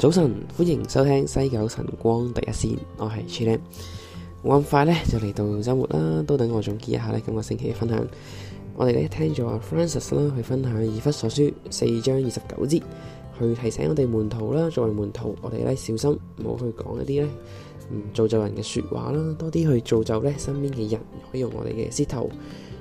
早晨，歡迎收聽西九晨光第一線，我係 Chilam。咁快呢，就嚟到周末啦，都等我總結一下呢。今個星期嘅分享。我哋呢聽咗阿 Francis 啦，去分享以弗所書四章二十九節，去提醒我哋門徒啦。作為門徒，我哋呢小心唔好去講一啲呢唔造就人嘅說話啦，多啲去造就呢身邊嘅人，可以用我哋嘅舌頭。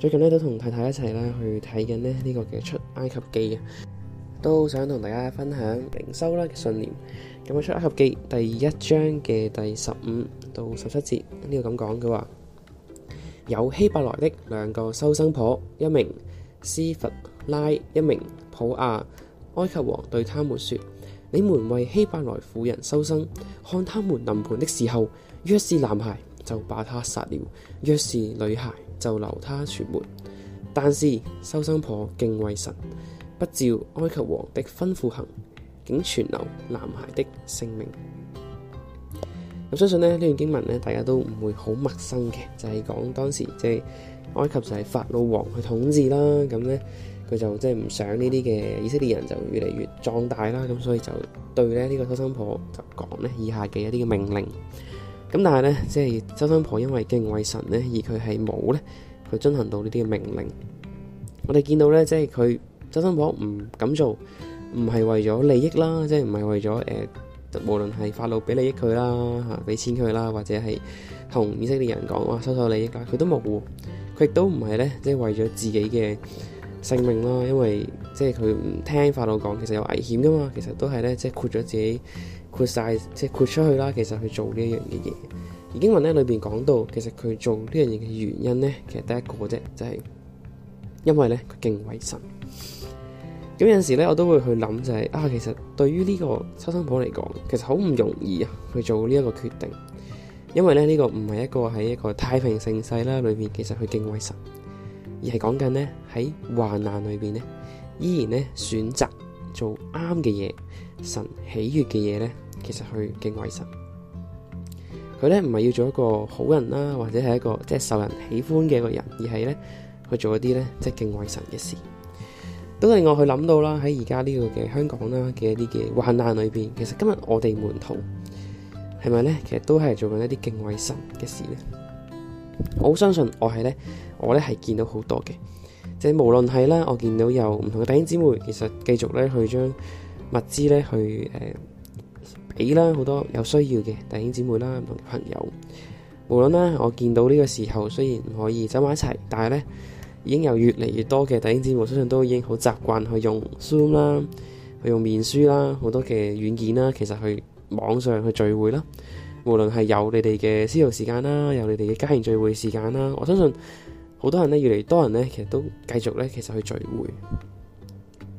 最近咧都同太太一齊咧去睇緊咧呢個嘅出埃及記啊，都想同大家分享靈修啦嘅信念。咁啊出埃及記第一章嘅第十五到十七節呢個咁講，嘅話，有希伯來的兩個收生婆，一名斯弗拉，一名普亞。埃及王對他們說：你們為希伯來婦人收生，看他們臨盆的時候，若是男孩就把他殺了，若是女孩。就留他存活，但是收生婆敬畏神，不照埃及王的吩咐行，竟存留男孩的性命。咁相信咧呢段經文咧，大家都唔會好陌生嘅，就係講當時即係埃及就係法老王去統治啦。咁呢佢就即係唔想呢啲嘅以色列人就越嚟越壯大啦。咁所以就對咧呢個收生婆就講咧以下嘅一啲嘅命令。咁但係咧，即、就、係、是、收生婆因為敬畏神咧，而佢係冇咧，佢遵行到呢啲嘅命令。我哋見到咧，即係佢收生婆唔咁做，唔係為咗利益啦，即係唔係為咗誒、呃，無論係法老俾利益佢啦，嚇、啊、俾錢佢啦，或者係同以色列人講話、啊、收受利益啦，佢都冇。佢亦都唔係咧，即、就、係、是、為咗自己嘅性命啦，因為即係佢唔聽法老講，其實有危險噶嘛。其實都係咧，即係豁咗自己，豁晒，即係豁出去啦。其實去做呢樣嘅嘢，而經文咧裏邊講到，其實佢做呢樣嘢嘅原因咧，其實得一個啫，就係因為咧佢敬畏神。咁有陣時咧，我都會去諗就係、是、啊，其實對於呢個收生婆嚟講，其實好唔容易啊去做呢一個決定，因為咧呢、這個唔係一個喺一個太平盛世啦，裏邊其實佢敬畏神。而係講緊咧喺患難裏邊咧，依然咧選擇做啱嘅嘢，神喜悅嘅嘢咧，其實去敬畏神。佢咧唔係要做一個好人啦，或者係一個即係、就是、受人喜歡嘅一個人，而係咧去做一啲咧即係敬畏神嘅事。都令我去諗到啦，喺而家呢個嘅香港啦嘅一啲嘅患難裏邊，其實今日我哋門徒係咪咧，其實都係做緊一啲敬畏神嘅事咧？我相信我係呢，我呢係見到好多嘅，即係無論係啦，我見到有唔同嘅弟兄姊妹，其實繼續呢去將物資呢去誒俾、呃、啦，好多有需要嘅弟兄姊妹啦，唔同嘅朋友。無論啦，我見到呢個時候，雖然唔可以走埋一齊，但係呢，已經有越嚟越多嘅弟兄姊妹，相信都已經好習慣去用 Zoom 啦，去用面書啦，好多嘅軟件啦，其實去網上去聚會啦。無論係有你哋嘅私禱時間啦，有你哋嘅家人聚會時間啦，我相信好多人咧，越嚟越多人咧，其實都繼續咧，其實去聚會，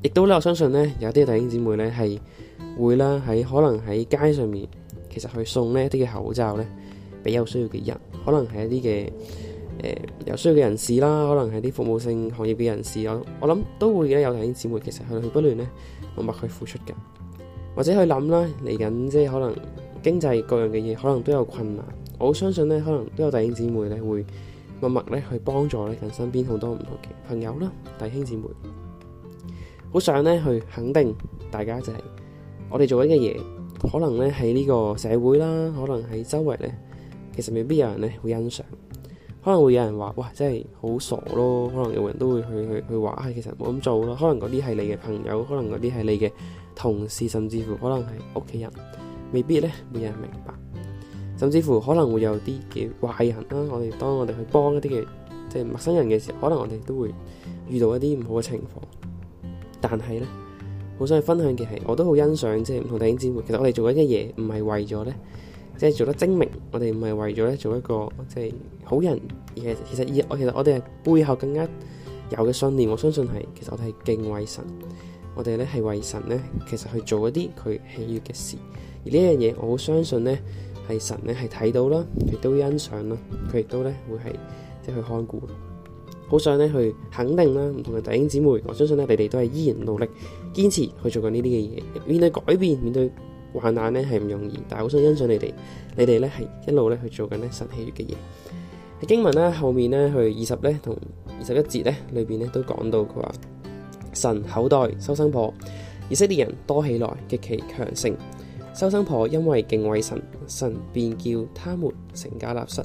亦都咧我相信咧，有啲弟兄姊妹咧係會啦喺可能喺街上面，其實去送呢一啲嘅口罩咧，俾有需要嘅人，可能係一啲嘅誒有需要嘅人士啦，可能係啲服務性行業嘅人士，我我諗都會咧有弟兄姊妹其實去不斷咧默默去付出嘅，或者去諗啦嚟緊即係可能。經濟各樣嘅嘢可能都有困難，我相信咧，可能都有弟兄姊妹咧，會默默咧去幫助咧，近身邊好多唔同嘅朋友啦，弟兄姊妹。好想咧去肯定大家就係我哋做緊嘅嘢，可能咧喺呢個社會啦，可能喺周圍咧，其實未必有人咧會欣賞，可能會有人話，哇，真係好傻咯。可能有人都會去去去話啊，其實冇咁做咯。可能嗰啲係你嘅朋友，可能嗰啲係你嘅同事，甚至乎可能係屋企人。未必咧，冇人明白，甚至乎可能會有啲嘅壞人啦。我哋當我哋去幫一啲嘅即係陌生人嘅時候，可能我哋都會遇到一啲唔好嘅情況。但係咧，好想去分享嘅係，我都好欣賞即係唔同弟兄姊妹。其實我哋做一啲嘢，唔係為咗咧，即係做得精明。我哋唔係為咗咧做一個即係好人。而其實而我其實我哋係背後更加有嘅信念。我相信係，其實我哋係敬畏神。我哋咧係為神咧，其實去做一啲佢喜悅嘅事，而呢樣嘢我好相信咧，係神咧係睇到啦，佢都欣賞啦，佢亦都咧會係即係去看顧。好想咧去肯定啦，唔同嘅弟兄姊妹，我相信咧你哋都係依然努力堅持去做緊呢啲嘅嘢。面對改變，面對患難咧係唔容易，但係好想欣賞你哋，你哋咧係一路咧去做緊咧神喜悅嘅嘢。喺經文咧後面咧去二十咧同二十一節咧裏邊咧都講到佢話。神厚待，收生婆，以色列人多起來極其強盛。收生婆因為敬畏神，神便叫他們成家立室。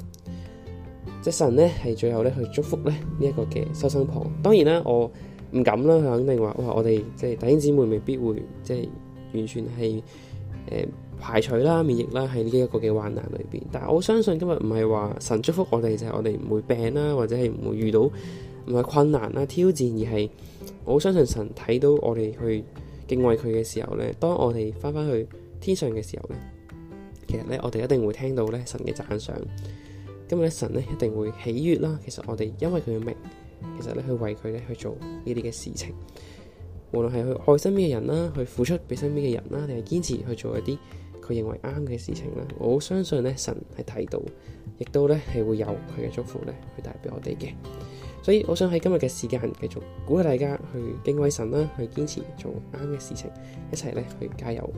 即神呢係最後咧去祝福咧呢一、這個嘅收生婆。當然啦，我唔敢啦，佢肯定話：哇，我哋即係弟兄姊妹未必會即係完全係誒、呃、排除啦，免疫啦，喺呢一個嘅患難裏邊。但係我相信今日唔係話神祝福我哋就係、是、我哋唔會病啦，或者係唔會遇到。唔係困難啦，挑戰，而係，我相信神睇到我哋去敬畏佢嘅時候呢。當我哋翻返去天上嘅時候呢其，其實呢，我哋一定會聽到呢神嘅讚賞。今日咧神呢，一定會喜悅啦。其實我哋因為佢嘅名，其實咧去為佢咧去做呢啲嘅事情，無論係去愛身邊嘅人啦，去付出俾身邊嘅人啦，定係堅持去做一啲佢認為啱嘅事情咧，我好相信呢，神係睇到，亦都呢，係會有佢嘅祝福呢，去帶俾我哋嘅。所以我想喺今日嘅時間繼續鼓勵大家去敬畏神啦，去堅持做啱嘅事情，一齊咧去加油。